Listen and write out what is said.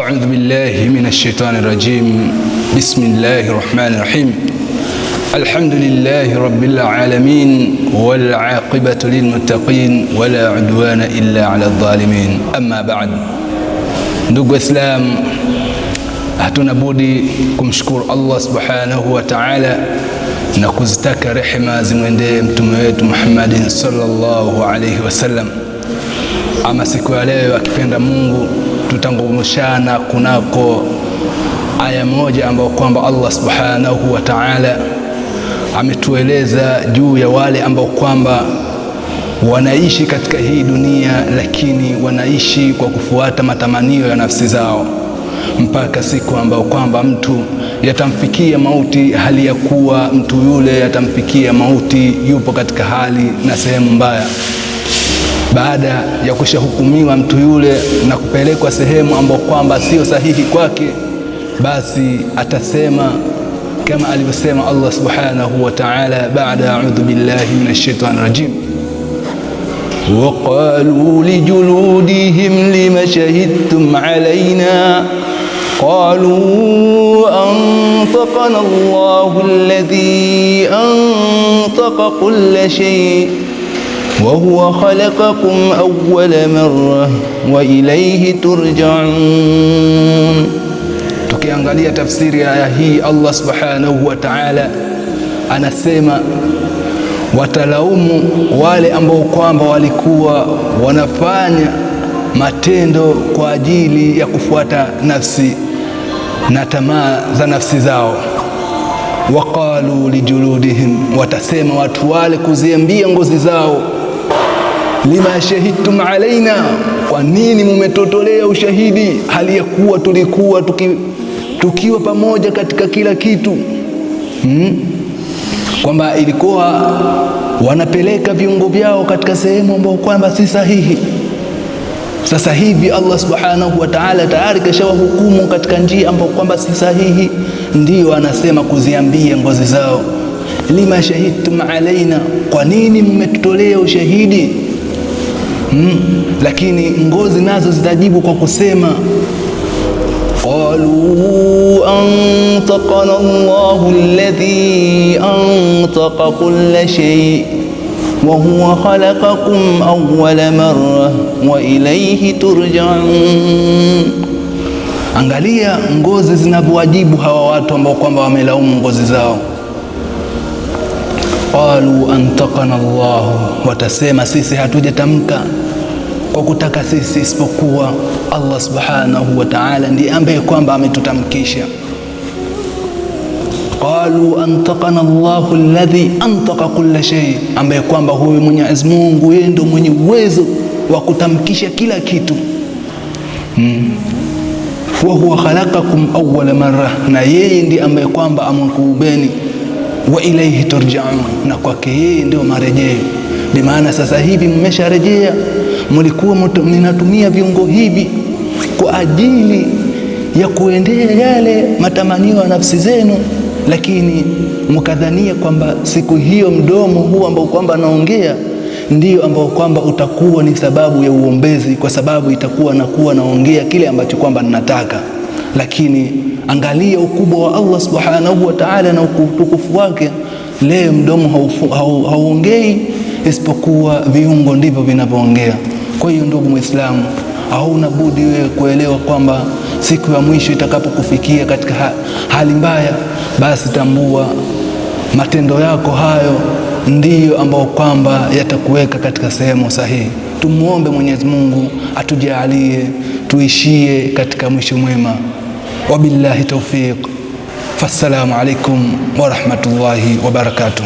أعوذ بالله من الشيطان الرجيم بسم الله الرحمن الرحيم الحمد لله رب العالمين والعاقبة للمتقين ولا عدوان إلا على الظالمين أما بعد دوق إسلام هتنا بودي كمشكور الله سبحانه وتعالى نكوزتك رحمة زمن ديم محمد صلى الله عليه وسلم أما سكوالي وكفين مُنْغُو tutangumushana kunako aya moja ambayo kwamba Allah subhanahu wa ta'ala ametueleza juu ya wale ambao kwamba wanaishi katika hii dunia, lakini wanaishi kwa kufuata matamanio ya nafsi zao mpaka siku ambayo kwamba mtu yatamfikia mauti, hali ya kuwa mtu yule yatamfikia mauti yupo katika hali na sehemu mbaya. Baada ya kushahukumiwa mtu yule na kupelekwa sehemu ambayo kwamba sio sahihi kwake, basi atasema kama alivyosema Allah subhanahu wa ta'ala, baada a'udhu billahi minash shaitani rajim waqalu lijuludihim lima shahidtum alaina qalu antaqana Allahu alladhi antaqa kulla shay وهو خلقكم أول مرة وإليه turjaun. Tukiangalia tafsiri ya aya hii, Allah subhanahu wa ta'ala anasema watalaumu wale ambao kwamba walikuwa wanafanya matendo kwa ajili ya kufuata nafsi na tamaa za nafsi zao. Waqalu lijuludihim, watasema watu wale kuziambia ngozi zao lima shahidtum alaina, kwa nini mumetotolea ushahidi hali ya kuwa tulikuwa tuki, tukiwa pamoja katika kila kitu hmm? Kwamba ilikuwa wanapeleka viungo vyao katika sehemu ambayo kwamba si sahihi. Sasa hivi Allah subhanahu wa ta'ala tayari kashawahukumu katika njia ambayo kwamba si sahihi, ndiyo anasema kuziambia ngozi zao, lima shahidtum alaina, kwa nini mmetutolea ushahidi mm. Lakini ngozi nazo zitajibu kwa kusema qalu antaqana Allahu alladhi antaqa kulla shay wa huwa khalaqakum awwala marra wa ilayhi turja'un. Angalia ngozi zinavyowajibu hawa watu ambao kwamba wamelaumu ngozi zao qalu antaqana llahu watasema sisi hatujatamka kwa kutaka sisi isipokuwa Allah subhanahu wa ta'ala ndiye ambaye kwamba ametutamkisha. Qalu antaqana llahu alladhi antaqa kulla shay, ambaye kwamba huyu Mwenyezi Mungu yeye ndio mwenye uwezo wa kutamkisha kila kitu hmm. Wa huwa khalaqakum awwala marra, na yeye ndiye ambaye kwamba amekuubeni wa ilaihi turjaun, na kwake yeye ndio marejeo. Bimaana sasa hivi mmesharejea, mlikuwa mnatumia viungo hivi kwa ajili ya kuendea yale matamanio ya nafsi zenu, lakini mkadhania kwamba siku hiyo mdomo huu ambao kwamba naongea ndio ambao kwamba utakuwa ni sababu ya uombezi, kwa sababu itakuwa nakuwa naongea kile ambacho kwamba ninataka, lakini Angalia ukubwa wa Allah subhanahu wa ta'ala na utukufu wake. Leo mdomo hauongei hau, isipokuwa viungo ndivyo vinavyoongea. Kwa hiyo ndugu Muislamu, hauna budi wewe kuelewa kwamba siku ya mwisho itakapokufikia katika hali mbaya, basi tambua matendo yako hayo ndiyo ambayo kwamba yatakuweka katika sehemu sahihi. Tumuombe Mwenyezi Mungu atujalie tuishie katika mwisho mwema. وبالله توفيق فالسلام عليكم ورحمه الله وبركاته